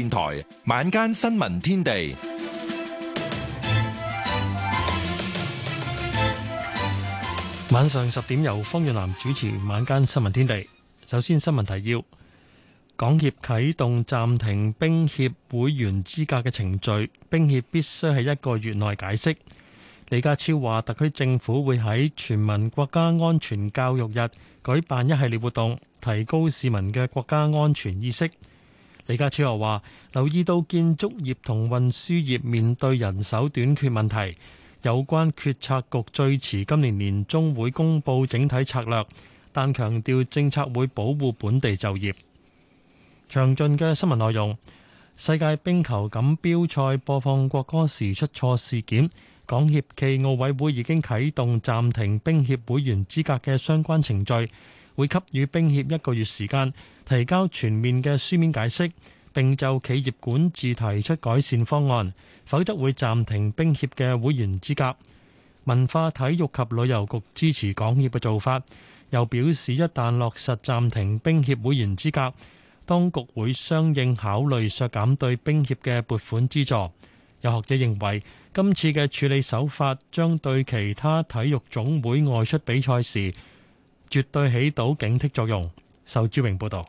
電台晚間新聞天地，晚上十點由方遠南主持晚間新聞天地。首先新聞提要：港協啟動暫停冰協會員資格嘅程序，冰協必須喺一個月內解釋。李家超話，特區政府會喺全民國家安全教育日舉辦一系列活動，提高市民嘅國家安全意識。李家超又話：留意到建築業同運輸業面對人手短缺問題，有關決策局最遲今年年中會公布整體策略，但強調政策會保護本地就業。詳盡嘅新聞內容。世界冰球錦標賽播放國歌時出錯事件，港協暨奧委會已經啟動暫停冰協會員資格嘅相關程序。會給予冰協一個月時間提交全面嘅書面解釋，並就企業管治提出改善方案，否則會暫停冰協嘅會員資格。文化體育及旅遊局支持港協嘅做法，又表示一旦落實暫停冰協會員資格，當局會相應考慮削減對冰協嘅撥款資助。有學者認為，今次嘅處理手法將對其他體育總會外出比賽時，絕對起到警惕作用。受朱榮報道。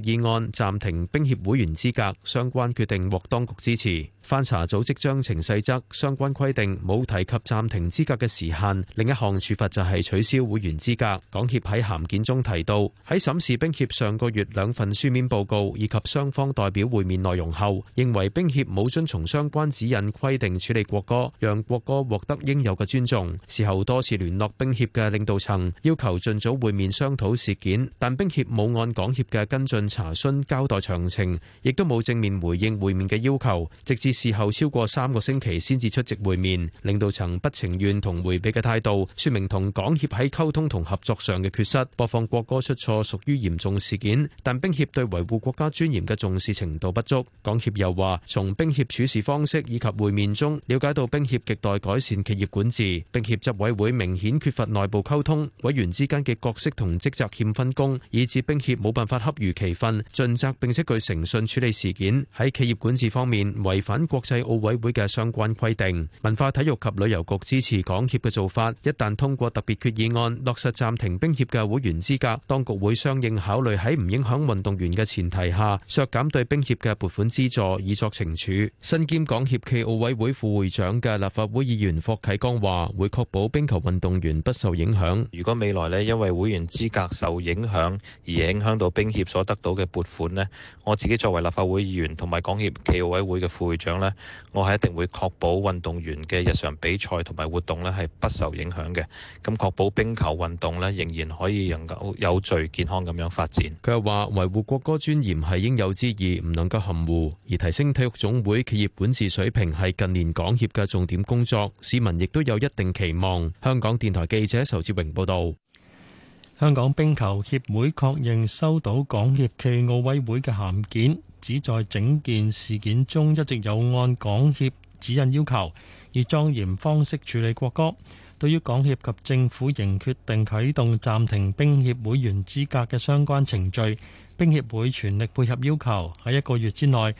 議案暫停冰協會員資格，相關決定獲當局支持。翻查組織章程細則，相關規定冇提及暫停資格嘅時限。另一項處罰就係取消會員資格。港協喺函件中提到，喺審視冰協上個月兩份書面報告以及雙方代表會面內容後，認為冰協冇遵從相關指引規定處理國歌，讓國歌獲得應有嘅尊重。事後多次聯絡冰協嘅領導層，要求盡早會面商討事件，但冰協冇按港協嘅跟進。查詢交代詳情，亦都冇正面回應會面嘅要求，直至事後超過三個星期先至出席會面。領導層不情願同回避嘅態度，說明同港協喺溝通同合作上嘅缺失。播放國歌出錯屬於嚴重事件，但冰協對維護國家尊嚴嘅重視程度不足。港協又話，從冰協處事方式以及會面中了解到，冰協亟待改善企業管治。冰協執委會明顯缺乏內部溝通，委員之間嘅角色同職責欠分工，以致冰協冇辦法恰如其。分盡責，並且具誠信處理事件。喺企業管治方面，違反國際奧委會嘅相關規定。文化體育及旅遊局支持港協嘅做法。一旦通過特別決議案，落實暫停冰協嘅會員資格，當局會相應考慮，喺唔影響運動員嘅前提下，削減對冰協嘅撥款資助，以作懲處。身兼港協暨奧委會副會長嘅立法會議員霍啟剛話，會確保冰球運動員不受影響。如果未來呢，因為會員資格受影響而影響到冰協所得。到嘅撥款呢，我自己作為立法會議員同埋港協暨奧委會嘅副會長呢，我係一定會確保運動員嘅日常比賽同埋活動呢係不受影響嘅，咁確保冰球運動呢仍然可以能夠有序健康咁樣發展。佢又話維護國歌尊嚴係應有之義，唔能夠含糊；而提升體育總會企業管治水平係近年港協嘅重點工作，市民亦都有一定期望。香港電台記者仇志榮報道。香港冰球協會確認收到港協暨奧委會嘅函件，指在整件事件中一直有按港協指引要求，以莊嚴方式處理國歌。對於港協及政府仍決定啟動暫停冰協會員資格嘅相關程序，冰協會全力配合要求，喺一個月之內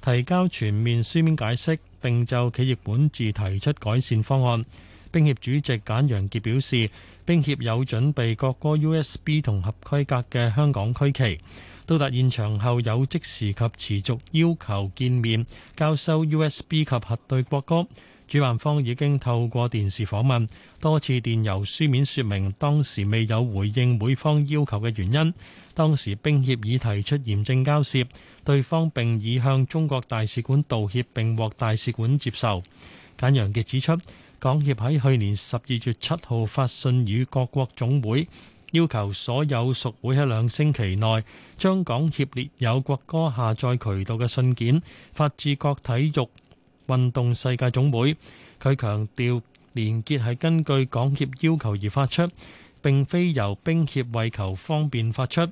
提交全面書面解釋並就企業管治提出改善方案。冰協主席簡陽傑表示。冰協有準備國歌 USB 同合規格嘅香港區旗，到達現場後有即時及持續要求見面、交收 USB 及核對國歌。主辦方已經透過電視訪問多次電郵書面說明當時未有回應每方要求嘅原因。當時冰協已提出嚴正交涉，對方並已向中國大使館道歉並獲大使館接受。簡陽傑指出。港協喺去年十二月七號發信與各國總會，要求所有屬會喺兩星期內將港協列有國歌下載渠道嘅信件發至各體育運動世界總會。佢強調連結係根據港協要求而發出，並非由冰協為求方便發出。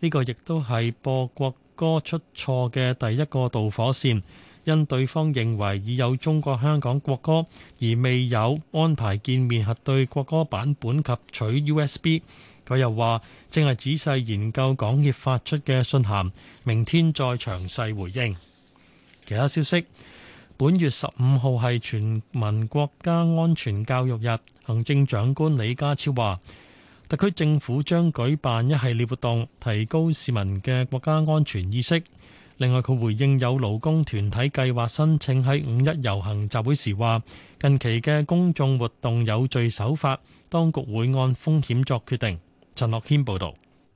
呢個亦都係播國歌出錯嘅第一個導火線。因對方認為已有中國香港國歌，而未有安排見面核對國歌版本及取 USB。佢又話：正係仔細研究港協發出嘅信函，明天再詳細回應。其他消息，本月十五號係全民國家安全教育日，行政長官李家超話，特區政府將舉辦一系列活動，提高市民嘅國家安全意識。另外，佢回應有勞工團體計劃申請喺五一遊行集會時話：近期嘅公眾活動有序守法，當局會按風險作決定。陳樂軒報導。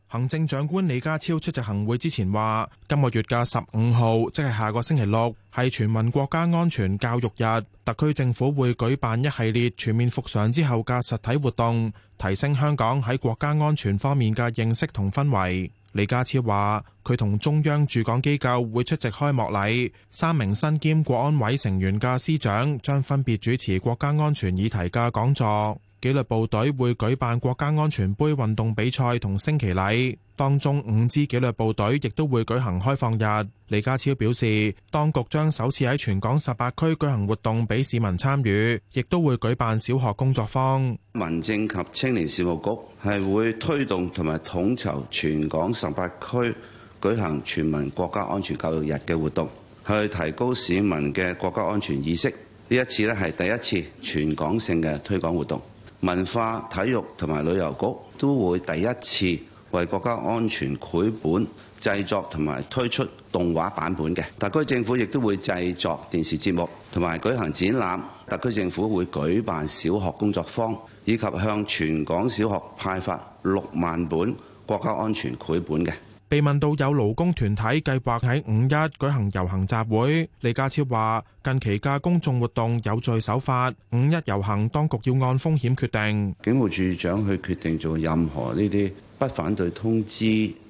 行政長官李家超出席行會之前話：今個月嘅十五號，即係下個星期六，係全民國家安全教育日，特區政府會舉辦一系列全面復常之後嘅實體活動，提升香港喺國家安全方面嘅認識同氛圍。李家超話，佢同中央駐港機構會出席開幕禮，三名身兼國安委成員嘅司長將分別主持國家安全議題嘅講座。紀律部隊會舉辦國家安全杯運動比賽同升旗禮，當中五支紀律部隊亦都會舉行開放日。李家超表示，當局將首次喺全港十八區舉行活動，俾市民參與，亦都會舉辦小學工作坊。民政及青年事務局係會推動同埋統籌全港十八區舉行全民國家安全教育日嘅活動，去提高市民嘅國家安全意識。呢一次呢係第一次全港性嘅推廣活動。文化、體育同埋旅遊局都會第一次為國家安全繪本製作同埋推出動畫版本嘅，特區政府亦都會製作電視節目同埋舉行展覽，特區政府會舉辦小學工作坊，以及向全港小學派發六萬本國家安全繪本嘅。被問到有勞工團體計劃喺五一舉行遊行集會，李家超話：近期嘅公眾活動有序守法，五一遊行當局要按風險決定。警務處長去決定做任何呢啲不反對通知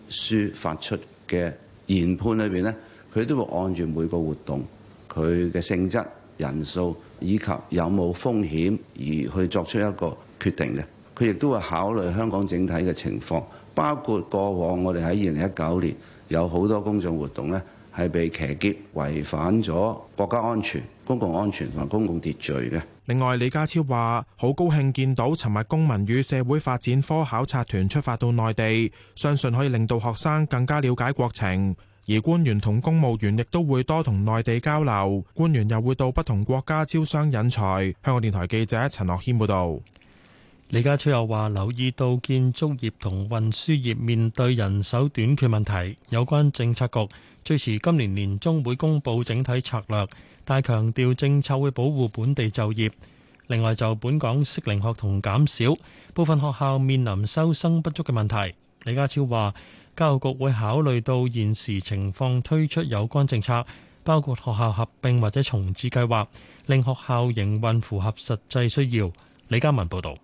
書發出嘅研判裏邊，呢佢都會按住每個活動、佢嘅性質、人數以及有冇風險而去作出一個決定嘅。佢亦都會考慮香港整體嘅情況。包括過往我哋喺二零一九年有好多公眾活動呢，係被騎劫、違反咗國家安全、公共安全同公共秩序嘅。另外，李家超話好高興見到尋日公民與社會發展科考察團出發到內地，相信可以令到學生更加了解國情，而官員同公務員亦都會多同內地交流，官員又會到不同國家招商引才。香港電台記者陳樂謙報道。李家超又話：留意到建築業同運輸業面對人手短缺問題，有關政策局最遲今年年中會公布整體策略，但強調政策會保護本地就業。另外，就本港適齡學童減少，部分學校面臨收生不足嘅問題。李家超話：教育局會考慮到現時情況推出有關政策，包括學校合併或者重置計劃，令學校營運符合實際需要。李嘉文報導。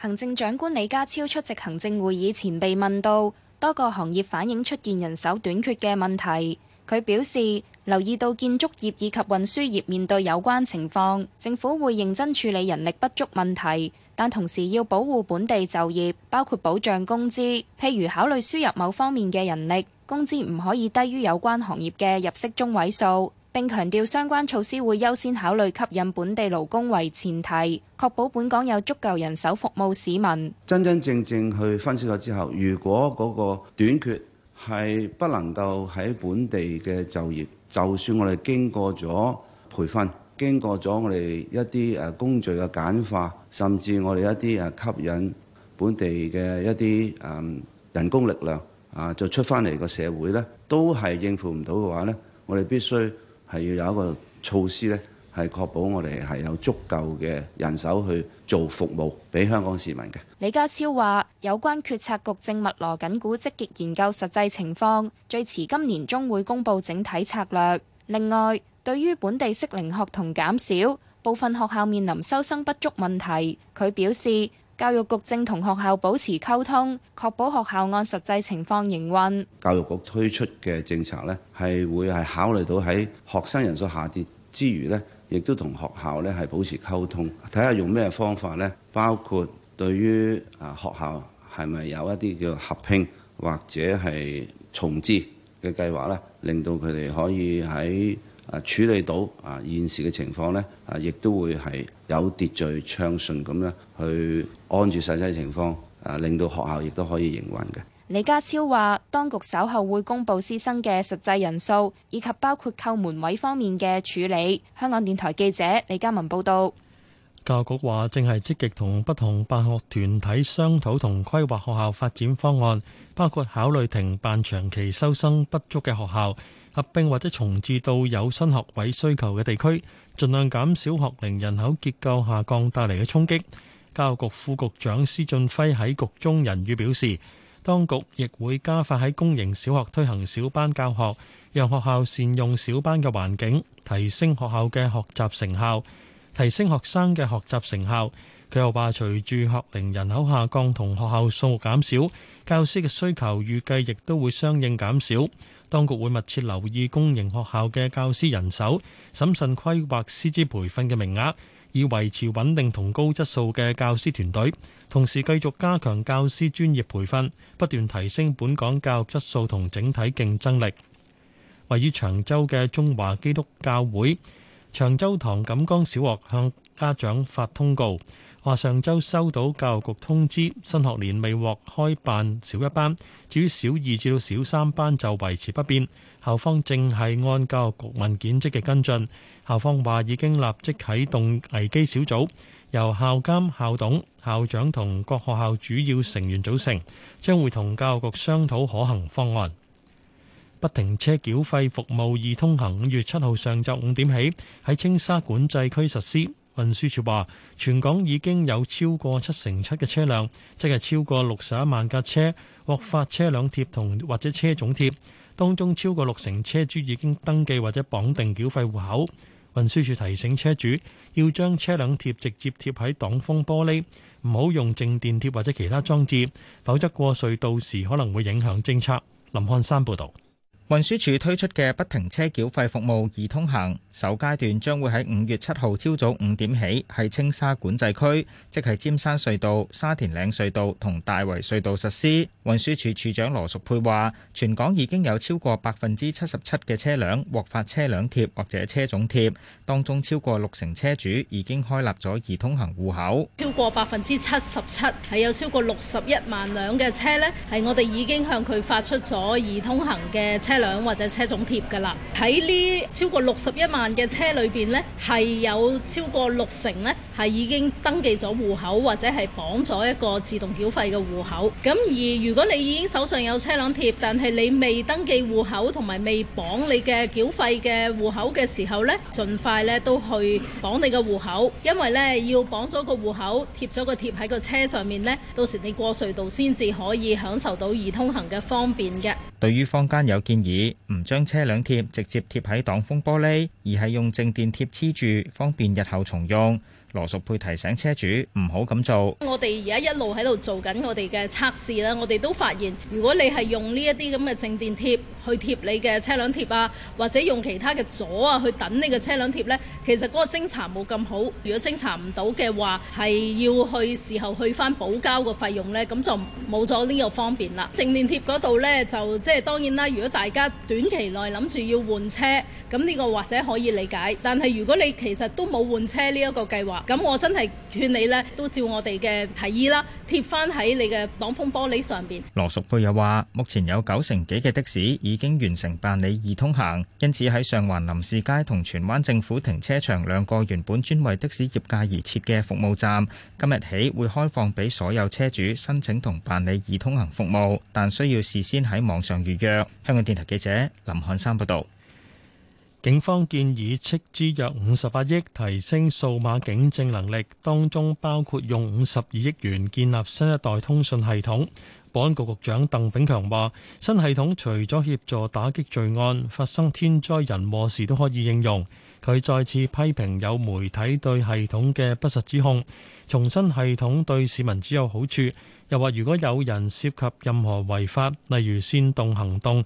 行政長官李家超出席行政會議前被問到，多個行業反映出現人手短缺嘅問題。佢表示留意到建築業以及運輸業面對有關情況，政府會認真處理人力不足問題，但同時要保護本地就業，包括保障工資，譬如考慮輸入某方面嘅人力，工資唔可以低於有關行業嘅入息中位數。並強調相關措施會優先考慮吸引本地勞工為前提，確保本港有足夠人手服務市民。真真正正去分析咗之後，如果嗰個短缺係不能夠喺本地嘅就業，就算我哋經過咗培訓，經過咗我哋一啲誒、工序嘅簡化，甚至我哋一啲誒、吸引本地嘅一啲誒、人工力量啊，就出翻嚟個社會咧，都係應付唔到嘅話咧，我哋必須。係要有一個措施咧，係確保我哋係有足夠嘅人手去做服務俾香港市民嘅。李家超話：有關決策局政務羅緊股積極研究實際情況，最遲今年中會公布整體策略。另外，對於本地適齡學童減少，部分學校面臨收生不足問題，佢表示。教育局正同學校保持溝通，確保學校按實際情況營運。教育局推出嘅政策咧，係會係考慮到喺學生人數下跌之餘咧，亦都同學校咧係保持溝通，睇下用咩方法咧，包括對於啊學校係咪有一啲叫合併或者係重置嘅計劃咧，令到佢哋可以喺。啊！處理到啊現時嘅情況呢，啊亦都會係有秩序暢順咁咧，去按住實際情況啊，令到學校亦都可以營運嘅。李家超話：當局稍後會公布師生嘅實際人數，以及包括扣門位方面嘅處理。香港電台記者李嘉文報道。教育局話：正係積極同不同辦學團體商討同規劃學校發展方案，包括考慮停辦長期收生不足嘅學校。合併或者重置到有新學位需求嘅地區，盡量減少學齡人口結構下降帶嚟嘅衝擊。教育局副局長施俊輝喺局中人語表示，當局亦會加快喺公營小學推行小班教學，讓學校善用小班嘅環境，提升學校嘅學習成效，提升學生嘅學習成效。佢又話，隨住學齡人口下降同學校數目減少。教師嘅需求預計亦都會相應減少，當局會密切留意公營學校嘅教師人手，審慎規劃師資培訓嘅名額，以維持穩定同高質素嘅教師團隊。同時繼續加強教師專業培訓，不斷提升本港教育質素同整體競爭力。位於長洲嘅中華基督教會長洲堂錦江小學向家長發通告。話上周收到教育局通知，新學年未獲開辦小一班。至於小二至到小三班就維持不變，校方正係按教育局文件積極跟進。校方話已經立即啟動危機小組，由校監、校董、校長同各學校主要成員組成，將會同教育局商討可行方案。不停車繳費服務易通行，五月七號上晝五點起喺青沙管制區實施。運輸署話，全港已經有超過七成七嘅車輛，即係超過六十一萬架車獲發車輛貼同或者車種貼，當中超過六成車主已經登記或者綁定繳費戶口。運輸署提醒車主，要將車輛貼直接貼喺擋風玻璃，唔好用靜電貼或者其他裝置，否則過隧道時可能會影響政策。林漢山報道。運輸署推出嘅不停車繳費服務易通行，首階段將會喺五月七號朝早五點起，喺青沙管制區，即係尖山隧道、沙田嶺隧道同大圍隧道實施。運輸署署長羅淑佩話，全港已經有超過百分之七十七嘅車輛獲發車輛貼或者車種貼，當中超過六成車主已經開立咗易通行戶口。超過百分之七十七係有超過六十一萬輛嘅車呢，係我哋已經向佢發出咗易通行嘅車。兩或者車種貼噶啦，喺呢超過六十一萬嘅車裏邊咧，係有超過六成咧係已經登記咗戶口或者係綁咗一個自動繳費嘅戶口。咁而如果你已經手上有車輛貼，但係你未登記戶口同埋未綁你嘅繳費嘅戶口嘅時候咧，盡快咧都去綁你嘅戶口，因為咧要綁咗個戶口，貼咗個貼喺個車上面咧，到時你過隧道先至可以享受到易通行嘅方便嘅。對於坊間有建議，唔將車輛貼，直接貼喺擋風玻璃，而係用靜電貼黐住，方便日後重用。羅淑佩提醒車主唔好咁做。我哋而家一路喺度做緊我哋嘅測試啦，我哋都發現，如果你係用呢一啲咁嘅靜電貼去貼你嘅車輛貼啊，或者用其他嘅阻啊去等你嘅車輛貼呢，其實嗰個偵查冇咁好。如果偵查唔到嘅話，係要去事後去翻補交個費用呢，咁就冇咗呢個方便啦。靜電貼嗰度呢，就即係當然啦。如果大家短期內諗住要換車，咁呢個或者可以理解。但係如果你其實都冇換車呢一個計劃，咁我真係勸你咧，都照我哋嘅提議啦，貼翻喺你嘅擋風玻璃上邊。羅淑佩又話：目前有九成幾嘅的,的士已經完成辦理易通行，因此喺上環林士街同荃灣政府停車場兩個原本專為的士業界而設嘅服務站，今日起會開放俾所有車主申請同辦理易通行服務，但需要事先喺網上預約。香港電台記者林漢山報道。警方建議斥資約五十八億提升數碼警政能力，當中包括用五十二億元建立新一代通信系統。保安局局長鄧炳強話：新系統除咗協助打擊罪案，發生天災人禍時都可以應用。佢再次批評有媒體對系統嘅不實指控，重申系統對市民只有好處。又話如果有人涉及任何違法，例如煽動行動，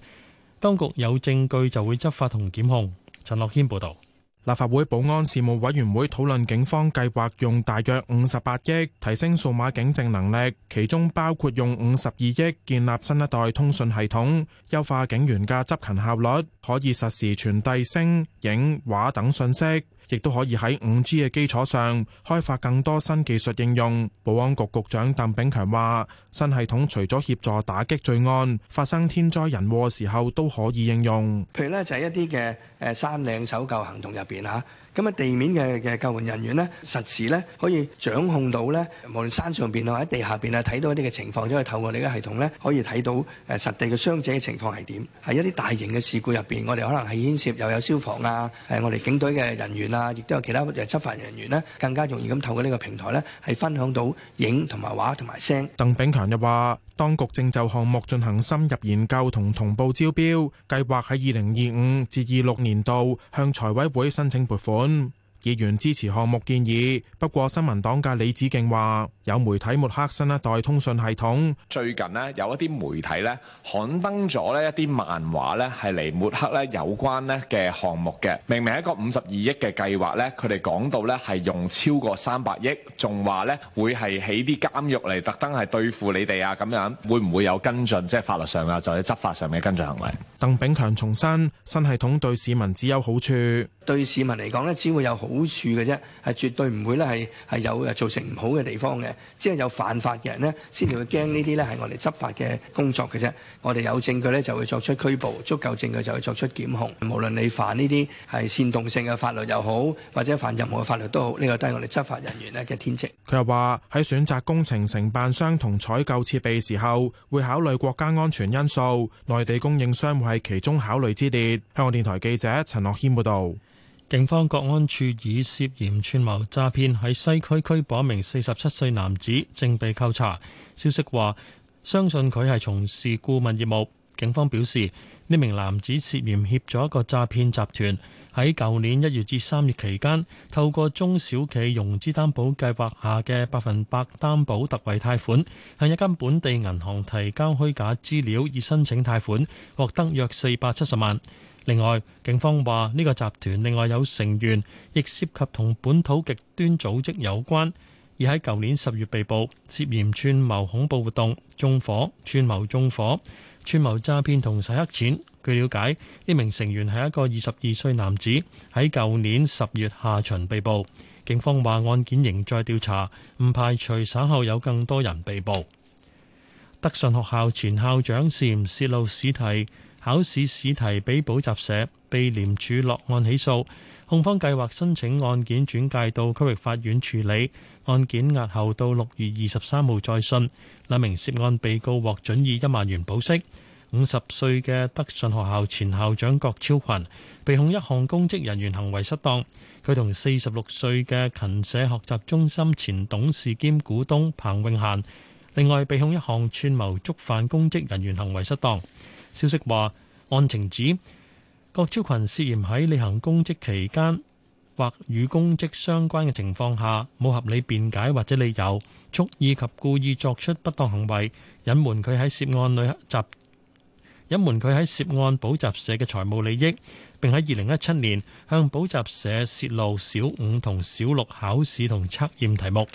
當局有證據就會執法同檢控。陳樂謙報道。立法會保安事務委員會討論警方計劃用大約五十八億提升數碼警政能力，其中包括用五十二億建立新一代通訊系統，優化警員嘅執勤效率，可以實時傳遞聲、影、畫等信息。亦都可以喺五 G 嘅基礎上開發更多新技術應用。保安局局長鄧炳強話：新系統除咗協助打擊罪案，發生天災人禍嘅時候都可以應用。譬如咧，就係一啲嘅誒山嶺搜救行動入邊嚇。咁啊，地面嘅嘅救援人員咧，實時咧可以掌控到咧，無論山上邊或者地下邊啊，睇到一啲嘅情況，都可以透過你嘅系統咧，可以睇到誒實地嘅傷者嘅情況係點。喺一啲大型嘅事故入邊，我哋可能係牽涉又有消防啊，誒我哋警隊嘅人員啊，亦都有其他誒執法人員呢，更加容易咁透過呢個平台呢，係分享到影同埋畫同埋聲。鄧炳強就話。當局正就項目進行深入研究同同步招標，計劃喺二零二五至二六年度向財委會申請撥款。議員支持項目建議，不過新民黨嘅李梓敬話：有媒體抹黑新一代通訊系統，最近咧有一啲媒體咧刊登咗咧一啲漫畫咧係嚟抹黑咧有關咧嘅項目嘅。明明一個五十二億嘅計劃咧，佢哋講到咧係用超過三百億，仲話咧會係起啲監獄嚟特登係對付你哋啊咁樣。會唔會有跟進？即係法律上啊，或者執法上嘅跟進行為？鄧炳強重申，新系統對市民只有好處，對市民嚟講咧只會有好。好處嘅啫，係絕對唔會咧，係係有誒造成唔好嘅地方嘅。只係有犯法嘅人咧，先至會驚呢啲咧係我哋執法嘅工作嘅啫。我哋有證據咧，就會作出拘捕；足夠證據就會作出檢控。無論你犯呢啲係煽動性嘅法律又好，或者犯任何法律都好，呢個都係我哋執法人員咧嘅天職。佢又話喺選擇工程承辦商同採購設備時候，會考慮國家安全因素，內地供應商會係其中考慮之列。香港電台記者陳樂軒報導。警方國安處以涉嫌串謀詐騙喺西區拘捕一名四十七歲男子，正被扣查。消息話，相信佢係從事顧問業務。警方表示，呢名男子涉嫌協助一個詐騙集團喺舊年一月至三月期間，透過中小企融資擔保計劃下嘅百分百擔保特惠貸款，向一間本地銀行提交虛假資料以申請貸款，獲得約四百七十萬。另外，警方話呢個集團另外有成員亦涉及同本土極端組織有關，而喺舊年十月被捕，涉嫌串謀恐怖活動、縱火、串謀縱火、串謀詐騙同洗黑錢。據了解，呢名成員係一個二十二歲男子，喺舊年十月下旬被捕。警方話案件仍在調查，唔排除稍後有更多人被捕。德順學校前校長涉嫌泄露試題考試試題俾補習社被廉署落案起訴，控方計劃申請案件轉介到區域法院處理，案件押後到六月二十三號再訊。兩名涉案被告獲准以一萬元保釋。五十歲嘅德信學校前校長郭超群被控一項公職人員行為失當，佢同四十六歲嘅勤社學習中心前董事兼股東彭永嫻，另外被控一項串謀觸犯公職人員行為失當。消息話，案情指郭超群涉嫌喺履行公職期間或與公職相關嘅情況下，冇合理辯解或者理由，蓄意及故意作出不當行為，隱瞞佢喺涉案裏集，隱瞞佢喺涉案補習社嘅財務利益，並喺二零一七年向補習社洩露小五同小六考試同測驗題目。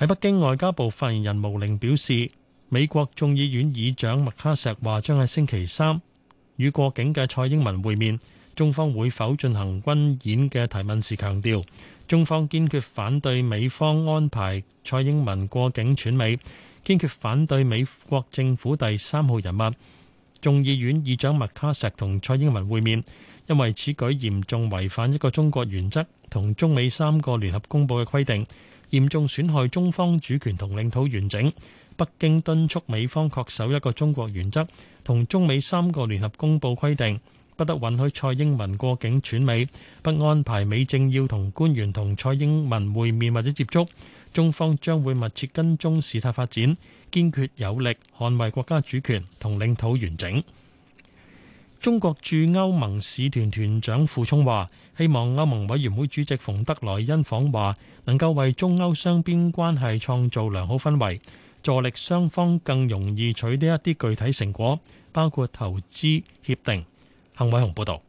喺北京外交部發言人毛寧表示。美國眾議院議長麥卡錫話：將喺星期三與過境嘅蔡英文會面。中方會否進行軍演嘅提問時，強調中方堅決反對美方安排蔡英文過境竄美，堅決反對美國政府第三號人物眾議院議長麥卡錫同蔡英文會面，因為此舉嚴重違反一個中國原則同中美三個聯合公報嘅規定，嚴重損害中方主權同領土完整。北京敦促美方恪守一個中國原則，同中美三個聯合公佈規定，不得允許蔡英文過境轉美，不安排美政要同官員同蔡英文會面或者接觸。中方將會密切跟蹤事態發展，堅決有力捍衛國家主權同領土完整。中國駐歐盟使團團長傅聰話：希望歐盟委員會主席馮德萊恩訪華能夠為中歐雙邊關係創造良好氛圍。助力雙方更容易取得一啲具體成果，包括投資協定。幸偉雄報導，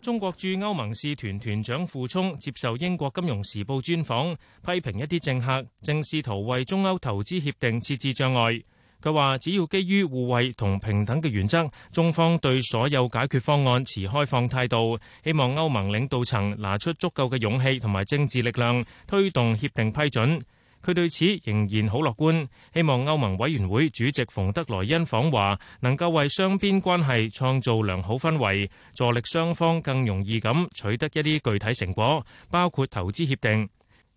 中國駐歐盟使團團長傅聰接受英國金融時報專訪，批評一啲政客正試圖為中歐投資協定設置障礙。佢話：只要基於互惠同平等嘅原則，中方對所有解決方案持開放態度，希望歐盟領導層拿出足夠嘅勇氣同埋政治力量推動協定批准。佢對此仍然好樂觀，希望歐盟委員會主席馮德萊恩訪華，能夠為雙邊關係創造良好氛圍，助力雙方更容易咁取得一啲具體成果，包括投資協定。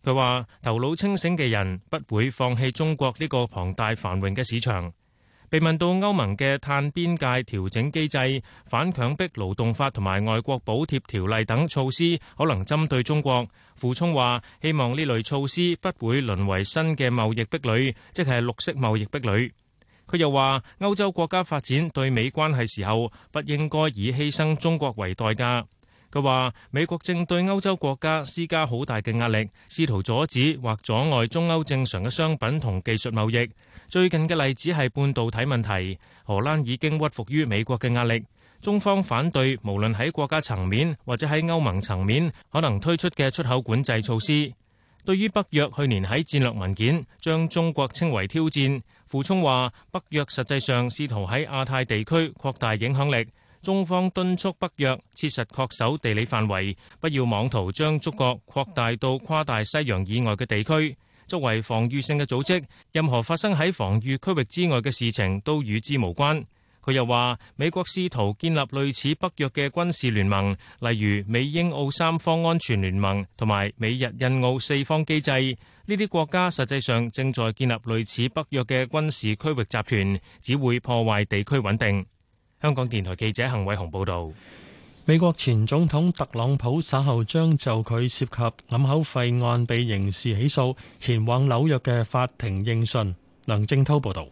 佢話：頭腦清醒嘅人不會放棄中國呢個龐大繁榮嘅市場。被問到歐盟嘅碳邊界調整機制、反強迫勞動法同埋外國補貼條例等措施，可能針對中國。傅聰話：希望呢類措施不會淪為新嘅貿易壁壘，即係綠色貿易壁壘。佢又話：歐洲國家發展對美關係時候，不應該以犧牲中國為代價。佢話：美國正對歐洲國家施加好大嘅壓力，試圖阻止或阻礙中歐正常嘅商品同技術貿易。最近嘅例子係半導體問題，荷蘭已經屈服於美國嘅壓力。中方反對，無論喺國家層面或者喺歐盟層面可能推出嘅出口管制措施。對於北約去年喺戰略文件將中國稱為挑戰，傅聰話北約實際上試圖喺亞太地區擴大影響力。中方敦促北約切實恪守地理範圍，不要妄圖將觸角擴大到跨大西洋以外嘅地區。作為防禦性嘅組織，任何發生喺防禦區域之外嘅事情都與之無關。佢又話：美國試圖建立類似北約嘅軍事聯盟，例如美英澳三方安全聯盟同埋美日印澳四方機制，呢啲國家實際上正在建立類似北約嘅軍事區域集團，只會破壞地區穩定。香港電台記者陳偉雄報道，美國前總統特朗普稍後將就佢涉及掩口費案被刑事起訴，前往紐約嘅法庭應訊。梁正滔報道。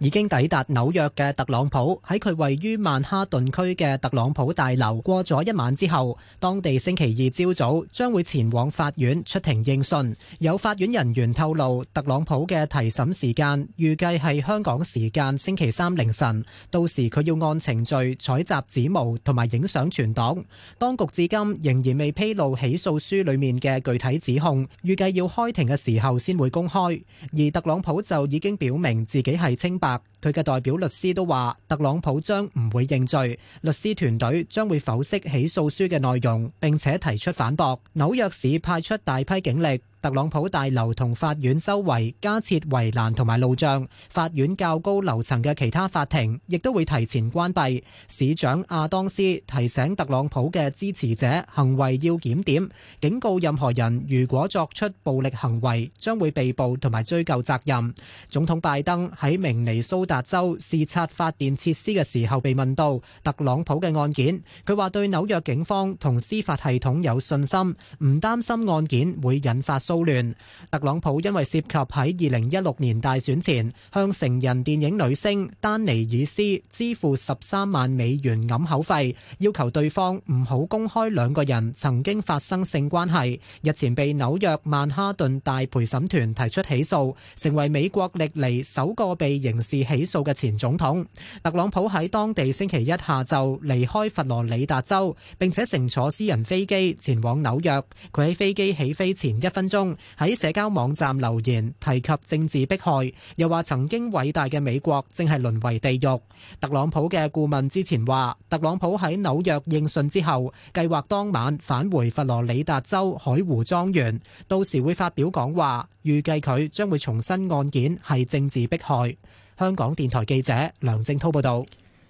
已經抵達紐約嘅特朗普，喺佢位於曼哈頓區嘅特朗普大樓過咗一晚之後，當地星期二朝早將會前往法院出庭應訊。有法院人員透露，特朗普嘅提審時間預計係香港時間星期三凌晨，到時佢要按程序採集指模同埋影相存檔。當局至今仍然未披露起訴書裏面嘅具體指控，預計要開庭嘅時候先會公開。而特朗普就已經表明自己係清白。佢嘅代表律師都話，特朗普將唔會認罪，律師團隊將會剖析起訴書嘅內容，並且提出反駁。紐約市派出大批警力。特朗普大樓同法院周圍加設圍欄同埋路障，法院較高樓層嘅其他法庭亦都會提前關閉。市長阿當斯提醒特朗普嘅支持者行為要檢點，警告任何人如果作出暴力行為，將會被捕同埋追究責任。總統拜登喺明尼蘇達州視察發電設施嘅時候被問到特朗普嘅案件，佢話對紐約警方同司法系統有信心，唔擔心案件會引發騷亂。特朗普因為涉及喺二零一六年大選前向成人電影女星丹尼爾斯支付十三萬美元掩口費，要求對方唔好公開兩個人曾經發生性關係，日前被紐約曼哈頓大陪審團提出起訴，成為美國歷嚟首個被刑事起訴嘅前總統。特朗普喺當地星期一下晝離開佛羅里達州，並且乘坐私人飛機前往紐約。佢喺飛機起飛前一分鐘。喺社交網站留言提及政治迫害，又話曾經偉大嘅美國正係淪為地獄。特朗普嘅顧問之前話，特朗普喺紐約應訊之後，計劃當晚返回佛羅里達州海湖莊園，到時會發表講話。預計佢將會重申案件係政治迫害。香港電台記者梁正滔報道。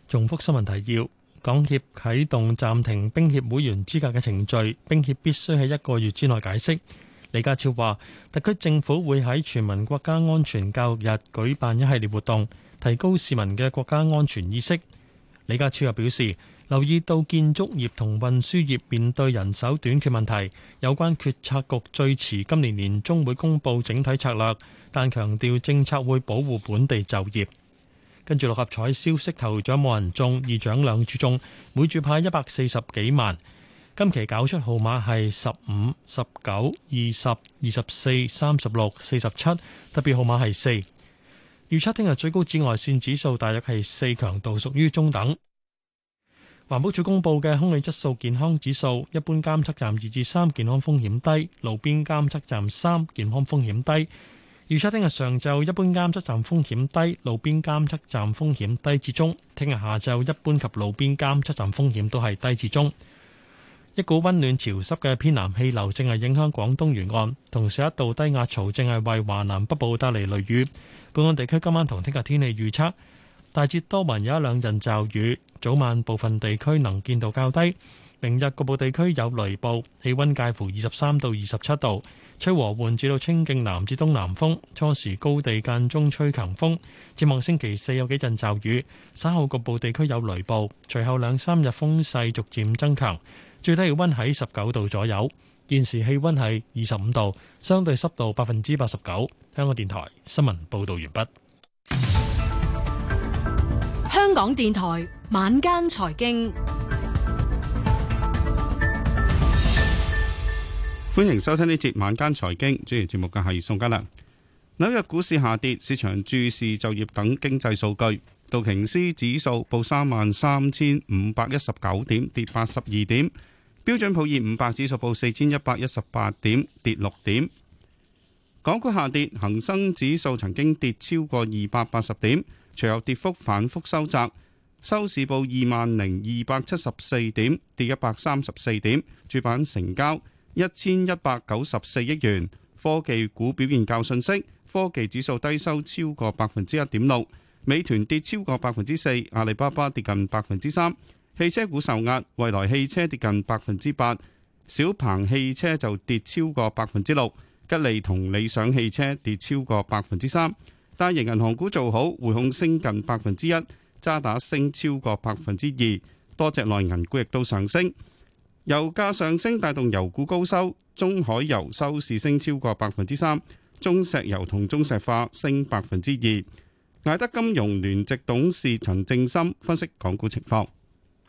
重複新聞提要：港協啟動暫停冰協會員資格嘅程序，冰協必須喺一個月之內解釋。李家超話，特區政府會喺全民國家安全教育日舉辦一系列活動，提高市民嘅國家安全意識。李家超又表示，留意到建築業同運輸業面對人手短缺問題，有關決策局最遲今年年中會公布整體策略，但強調政策會保護本地就業。跟住六合彩消息，頭獎冇人中，二獎兩注中，每注派一百四十幾萬。今期搞出號碼係十五、十九、二十、二十四、三十六、四十七。特別號碼係四。預測聽日最高紫外線指數大約係四，強度屬於中等。環保署公布嘅空氣質素健康指數，一般監測站二至三，健康風險低；路邊監測站三，健康風險低。預測聽日上晝一般監測站風險低，路邊監測站風險低至中。聽日下晝一般及路邊監測站風險都係低至中。一股溫暖潮濕嘅偏南氣流正係影響廣東沿岸，同時一道低壓槽正係為華南北部帶嚟雷雨。本港地區今晚同聽日天氣預測，大致多雲，有一兩陣驟雨，早晚部分地區能見度較低。明日局部地區有雷暴，氣温介乎二十三到二十七度，吹和緩至到清勁南至東南風，初時高地間中吹強風。展望星期四有幾陣驟雨，稍後局部地區有雷暴，隨後兩三日風勢逐漸增強。最低氣溫喺十九度左右，現時氣溫係二十五度，相對濕度百分之八十九。香港電台新聞報道完畢。香港電台晚間財經，歡迎收聽呢節晚間財經。主持節目嘅係宋嘉良。紐約股市下跌，市場注視就業等經濟數據。道瓊斯指數報三萬三千五百一十九點，跌八十二點。標準普爾五百指數報四千一百一十八點，跌六點。港股下跌，恒生指數曾經跌超過二百八十點，隨後跌幅反覆收窄，收市報二萬零二百七十四點，跌一百三十四點。主板成交一千一百九十四億元。科技股表現較遜色，科技指數低收超過百分之一點六。美團跌超過百分之四，阿里巴巴跌近百分之三。汽車股受壓，蔚來汽車跌近百分之八，小鵬汽車就跌超過百分之六，吉利同理想汽車跌超過百分之三。大型銀行股做好，匯控升近百分之一，渣打升超過百分之二，多隻內銀股亦都上升。油價上升帶動油股高收，中海油收市升超過百分之三，中石油同中石化升百分之二。艾德金融聯席董事陳正森分析港股情況。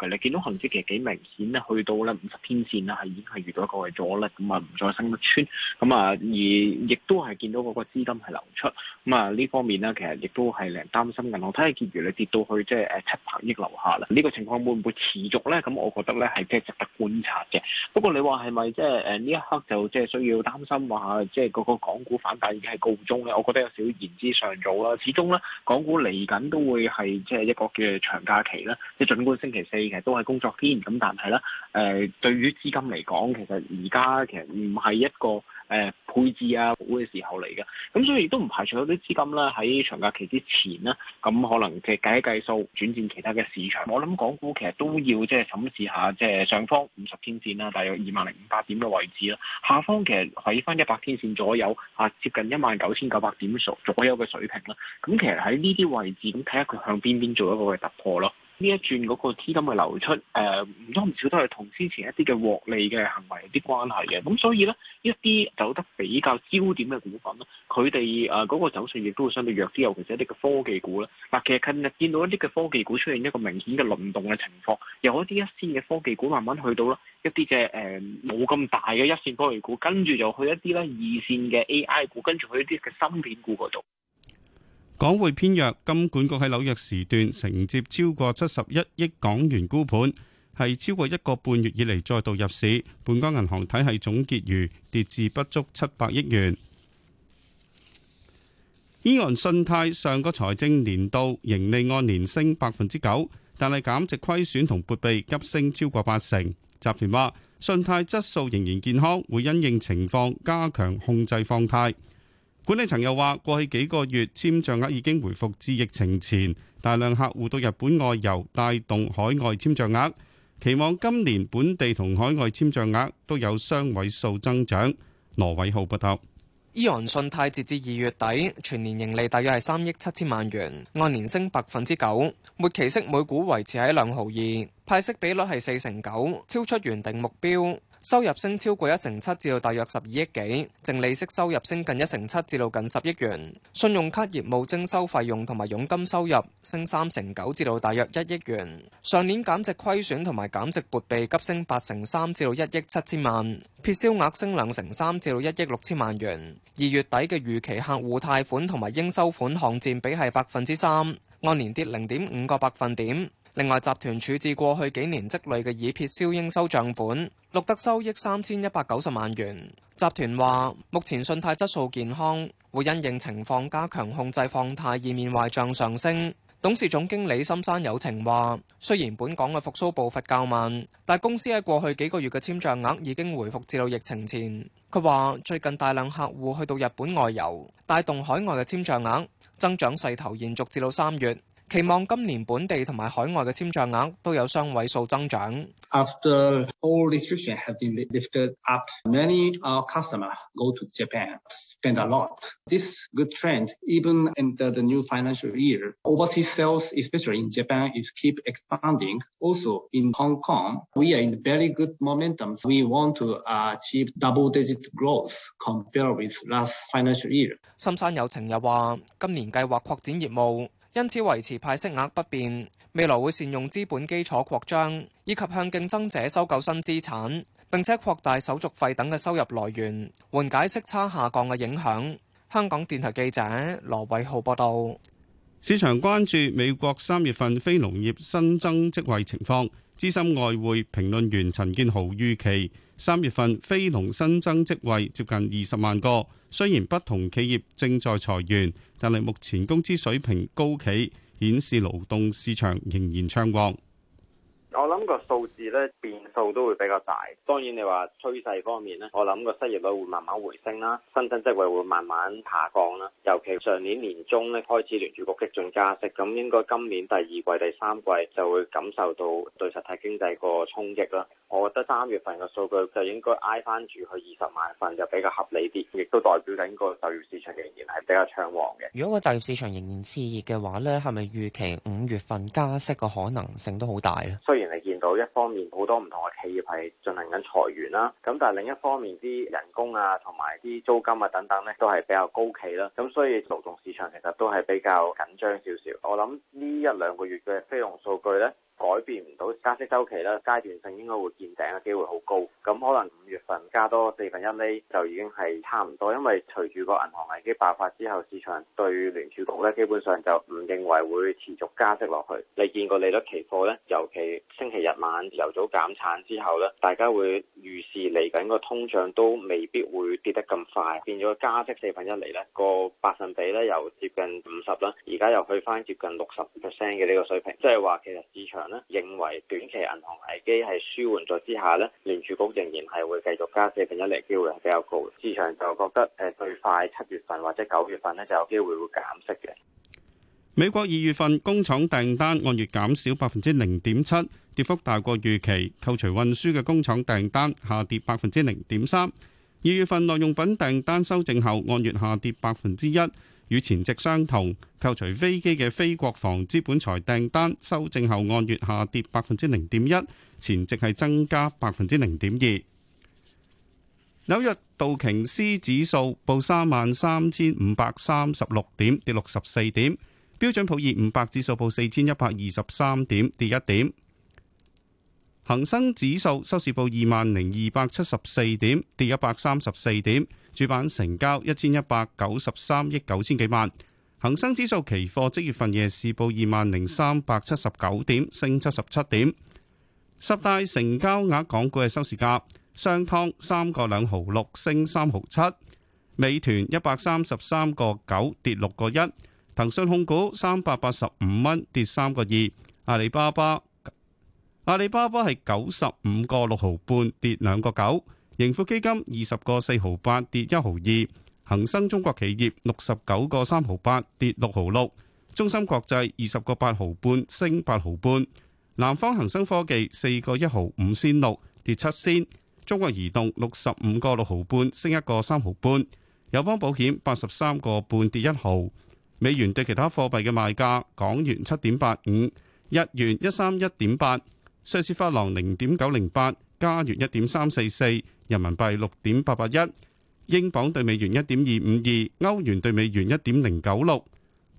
你見到行跡其實幾明顯咧，去到咧五十天線啦，係已經係遇到一個阻力，咁啊唔再升得穿。咁啊而亦都係見到嗰個資金係流出，咁啊呢方面呢，其實亦都係令人擔心。銀行睇下結餘你跌到去即係誒七百億樓下啦，呢、這個情況會唔會持續咧？咁我覺得咧係即係值得觀察嘅。不過你話係咪即係誒呢一刻就即係需要擔心話即係嗰個港股反彈已經係告終咧？我覺得有少少言之尚早啦。始終咧港股嚟緊都會係即係一個嘅長假期啦，即係儘管星期四。其實都係工作天咁，但係咧，誒、呃，對於資金嚟講，其實而家其實唔係一個誒、呃、配置啊股嘅時候嚟嘅，咁所以亦都唔排除有啲資金咧喺長假期之前啦，咁可能嘅計一計數，轉戰其他嘅市場。我諗港股其實都要即係審視下，即、就、係、是、上方五十天線啦，大約二萬零五百點嘅位置啦，下方其實喺翻一百天線左右啊，接近一萬九千九百點數左右嘅水平啦。咁其實喺呢啲位置，咁睇下佢向邊邊做一個嘅突破咯。呢一轉嗰個資金嘅流出，誒、呃、唔多唔少都係同之前一啲嘅獲利嘅行為有啲關係嘅。咁所以咧，一啲走得比較焦點嘅股份咧，佢哋誒嗰個走勢亦都會相對弱啲，尤其是一啲嘅科技股咧。嗱、呃，其實近日見到一啲嘅科技股出現一個明顯嘅輪動嘅情況，由一啲一線嘅科技股慢慢去到啦一啲嘅誒冇咁大嘅一線科技股，跟住就去一啲咧二線嘅 AI 股，跟住去一啲嘅芯片股嗰度。港匯偏弱，金管局喺紐約時段承接超過七十一億港元沽盤，係超過一個半月以嚟再度入市。本港銀行體系總結餘跌至不足七百億元。AEON 信貸上個財政年度盈利按年升百分之九，但係減值虧損同撥備急升超過八成。集團話，信貸質素仍然健康，會因應情況加強控制放貸。管理層又話，過去幾個月簽賬額已經回復至疫情前，大量客戶到日本外遊帶動海外簽賬額，期望今年本地同海外簽賬額都有雙位數增長。羅偉浩報道，依安信貸截至二月底全年盈利大約係三億七千萬元，按年升百分之九，末期息每股維持喺兩毫二，派息比率係四成九，超出原定目標。收入升超過一成七，至到大約十二億幾；淨利息收入升近一成七，至到近十億元。信用卡業務徵收費用同埋佣金收入升三成九，至到大約一億元。上年減值虧損同埋減值撥備急升八成三，至到一億七千萬。撇銷額升兩成三，至到一億六千萬元。二月底嘅逾期客戶貸款同埋應收款項佔比係百分之三，按年跌零點五個百分點。另外，集團處置過去幾年積累嘅已撇銷應收帳款，錄得收益三千一百九十萬元。集團話：目前信貸質素健康，會因應情況加強控制放貸，以免壞賬上升。董事總經理深山有情話：雖然本港嘅復甦步伐較慢，但公司喺過去幾個月嘅簽帳額已經回復至到疫情前。佢話：最近大量客戶去到日本外遊，帶動海外嘅簽帳額增長勢頭，延續至到三月。期望今年本地同埋海外嘅簽賬額都有雙位數增長。深山有情又話，今年計劃擴展業務。因此維持派息額不變，未來會善用資本基礎擴張，以及向競爭者收購新資產，並且擴大手續費等嘅收入來源，緩解息差下降嘅影響。香港電台記者羅偉浩報道。市場關注美國三月份非農業新增職位情況。資深外匯評論員陳建豪預期，三月份非農新增職位接近二十萬個。雖然不同企業正在裁員，但係目前工資水平高企，顯示勞動市場仍然暢旺。我諗個數字咧，變數都會比較大，當然你話趨勢方面咧，我諗個失業率會慢慢回升啦，新增職位會慢慢下降啦。尤其上年年中咧，開始聯儲局激進加息，咁應該今年第二季、第三季就會感受到對實體經濟個衝擊啦。我覺得三月份個數據就應該挨翻住去二十萬份就比較合理啲，亦都代表緊個就業市場仍然係比較暢旺嘅。如果個就業市場仍然熾熱嘅話咧，係咪預期五月份加息個可能性都好大咧？雖然你見到一方面好多唔同嘅企業係進行緊裁員啦，咁但係另一方面啲人工啊，同埋啲租金啊等等咧，都係比較高企啦，咁所以勞動市場其實都係比較緊張少少。我諗呢一兩個月嘅非農數據咧。改變唔到加息周期啦，階段性應該會見頂嘅機會好高。咁可能五月份加多四分一厘就已經係差唔多，因為隨住個銀行危機爆發之後，市場對聯儲局咧基本上就唔認為會持續加息落去。你見過利率期貨咧，尤其星期日晚由早減產之後咧，大家會預視嚟緊個通脹都未必會跌得咁快，變咗加息四分一厘咧，個百分比咧又接近五十啦，而家又去返接近六十 percent 嘅呢個水平，即係話其實市場。咧認為短期銀行危機係舒緩咗之下呢，聯儲局仍然係會繼續加四分一釐，機會係比較高，市場就覺得誒，最快七月份或者九月份呢就有機會會減息嘅。美國二月份工廠訂單按月減少百分之零點七，跌幅大過預期。扣除運輸嘅工廠訂單下跌百分之零點三。二月份耐用品訂單修正後按月下跌百分之一。與前值相同，扣除飛機嘅非國防資本財訂單，修正後按月下跌百分之零點一，前值係增加百分之零點二。紐約道瓊斯指數報三萬三千五百三十六點，跌六十四點。標準普爾五百指數報四千一百二十三點，跌一點。恒生指數收市報二萬零二百七十四點，跌一百三十四點。主板成交一千一百九十三億九千幾萬，恒生指數期貨即月份夜市報二萬零三百七十九點，升七十七點。十大成交額港股嘅收市價，商湯三個兩毫六，升三毫七；美團一百三十三個九，跌六個一；騰訊控股三百八十五蚊，跌三個二；阿里巴巴阿里巴巴係九十五個六毫半，跌兩個九。盈富基金二十個四毫八，跌一毫二，恒生中國企業六十九個三毫八，跌六毫六，中芯國際二十個八毫半，升八毫半，南方恒生科技四個一毫五仙六，跌七仙，中國移動六十五個六毫半，升一個三毫半，友邦保險八十三個半，跌一毫。美元兌其他貨幣嘅賣價，港元七點八五，日元一三一點八，瑞士法郎零點九零八。加元一點三四四，人民幣六點八八一，英鎊對美元一點二五二，歐元對美元一點零九六，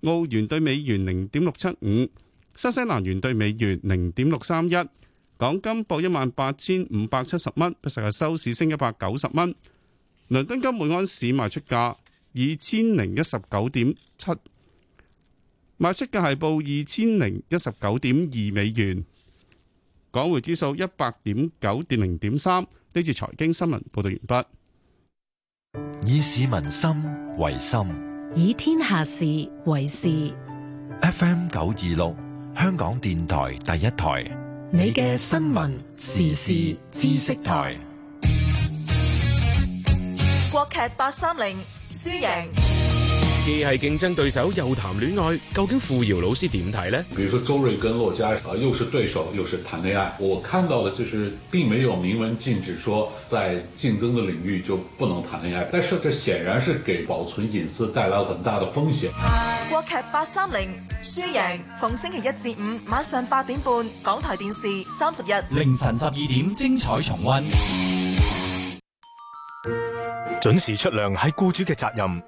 澳元對美元零點六七五，新西蘭元對美元零點六三一。港金報一萬八千五百七十蚊，不實日收市升一百九十蚊。倫敦金每安士賣出價二千零一十九點七，賣出價係報二千零一十九點二美元。港匯指數一百點九跌零點三，呢次財經新聞報道完畢。以市民心為心，以天下事為事。FM 九二六，香港電台第一台，你嘅新聞時事知識台。國劇八三零輸贏。既係競爭對手又談戀愛，究竟傅瑤老師點睇呢？比如說周瑞跟洛嘉，又是對手又是談戀愛，我看到的就是，並沒有明文禁止說在競爭的領域就不能談戀愛，但是這顯然是給保存隱私帶來很大的風險。國劇八三零輸贏逢星期一至五晚上八點半，港台電視三十日凌晨十二點精彩重溫。準時出糧係僱主嘅責任。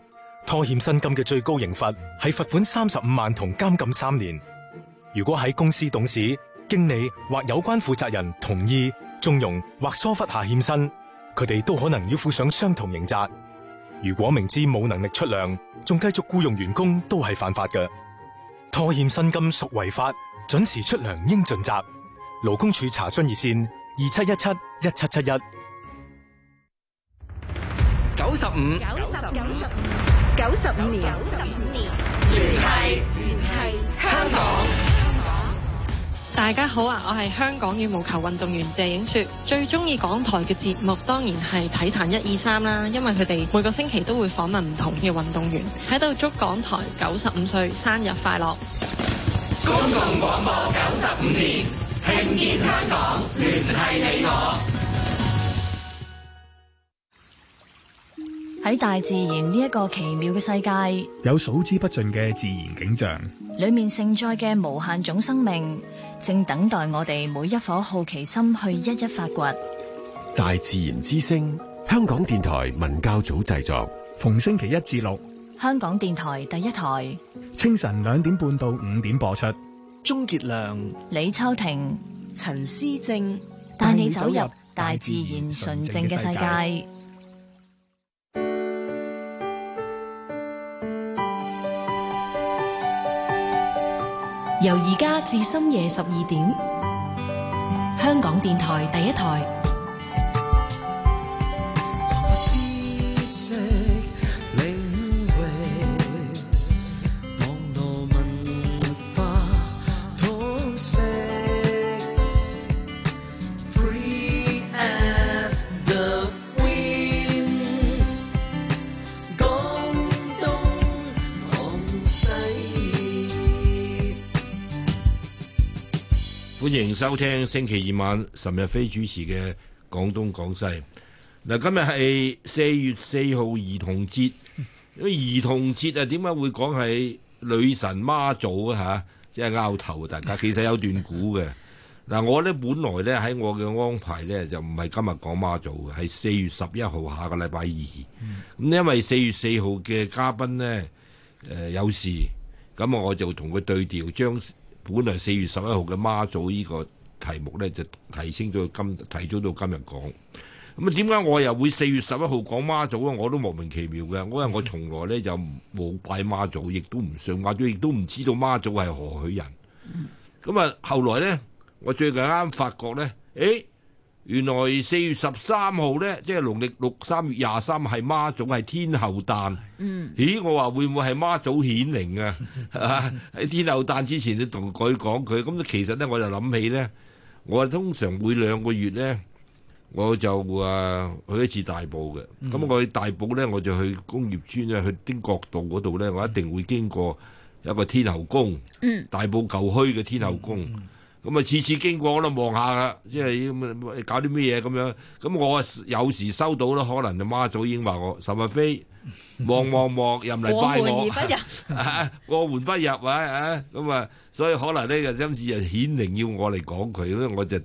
拖欠薪金嘅最高刑罰係罰款三十五萬同監禁三年。如果喺公司董事、經理或有關負責人同意縱容或疏忽下欠薪，佢哋都可能要負上相同刑責。如果明知冇能力出糧，仲繼續僱傭員工都係犯法嘅。拖欠薪金屬違法，準時出糧應盡責。勞工處查詢熱線二七一七一七七一九十五，九十五年，九十五年，聯繫聯繫，繫香港。香港，大家好啊，我係香港羽毛球運動員謝影雪，最中意港台嘅節目當然係體壇一二三啦，因為佢哋每個星期都會訪問唔同嘅運動員，喺度祝港台九十五歲生日快樂！公共廣播九十五年，聽見香港，聯繫你我。喺大自然呢一個奇妙嘅世界，有數之不盡嘅自然景象，裏面盛載嘅無限種生命，正等待我哋每一顆好奇心去一一發掘。大自然之聲，香港電台文教組製作，逢星期一至六，香港電台第一台，清晨兩點半到五點播出。鍾傑良、李秋婷、陳思正帶你走入大自然純正嘅世界。由而家至深夜十二點，香港電台第一台。歡迎收聽星期二晚岑日飛主持嘅廣東廣西。嗱，今日係四月四號兒童節，咁 兒童節啊，點解會講係女神媽祖啊？吓，即係拗頭大家，其實有段古嘅。嗱， 我咧本來咧喺我嘅安排咧就唔係今日講媽祖，係四月十一號，下個禮拜二。咁 因為四月四號嘅嘉賓咧，誒、呃、有事，咁我就同佢對調將。本嚟四月十一號嘅媽祖呢個題目咧，就提升咗今提早到今日講。咁啊，點解我又會四月十一號講媽祖啊？我都莫名其妙嘅。我因為我從來咧就冇拜媽祖，亦都唔上媽祖，亦都唔知道媽祖係何許人。咁啊，後來咧，我最近啱發覺咧，誒。原來四月十三號咧，即係農曆六三月廿三係媽祖係天后誕。嗯，咦，我話會唔會係媽祖顯靈啊？喺 天后誕之前，你同佢講佢。咁其實咧，我就諗起咧，我通常每兩個月咧，我就啊去一次大埔嘅。咁、嗯、我去大埔咧，我就去工業村咧，去汀角道嗰度咧，我一定會經過一個天后宮。嗯，大埔舊墟嘅天后宮。嗯嗯咁啊，次次經過我都望下噶，即係咁搞啲咩嘢咁樣。咁我有時收到咧，可能阿媽祖已經話我十日飛望望望入嚟拜我過門而不入啊，過門不入啊！咁啊，所以可能咧，今次啊，顯靈要我嚟講佢咧，我就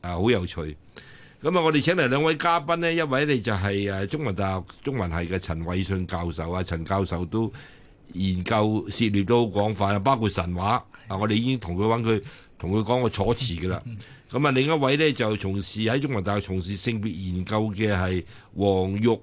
啊好有趣。咁啊，我哋請嚟兩位嘉賓咧，一位咧就係誒中文大學中文系嘅陳偉信教授啊。陳教授都研究涉獵都好廣泛，包括神話啊。我哋已經同佢揾佢。同佢講過楚辭噶啦，咁啊另一位咧就從事喺中文大學從事性別研究嘅係黃玉。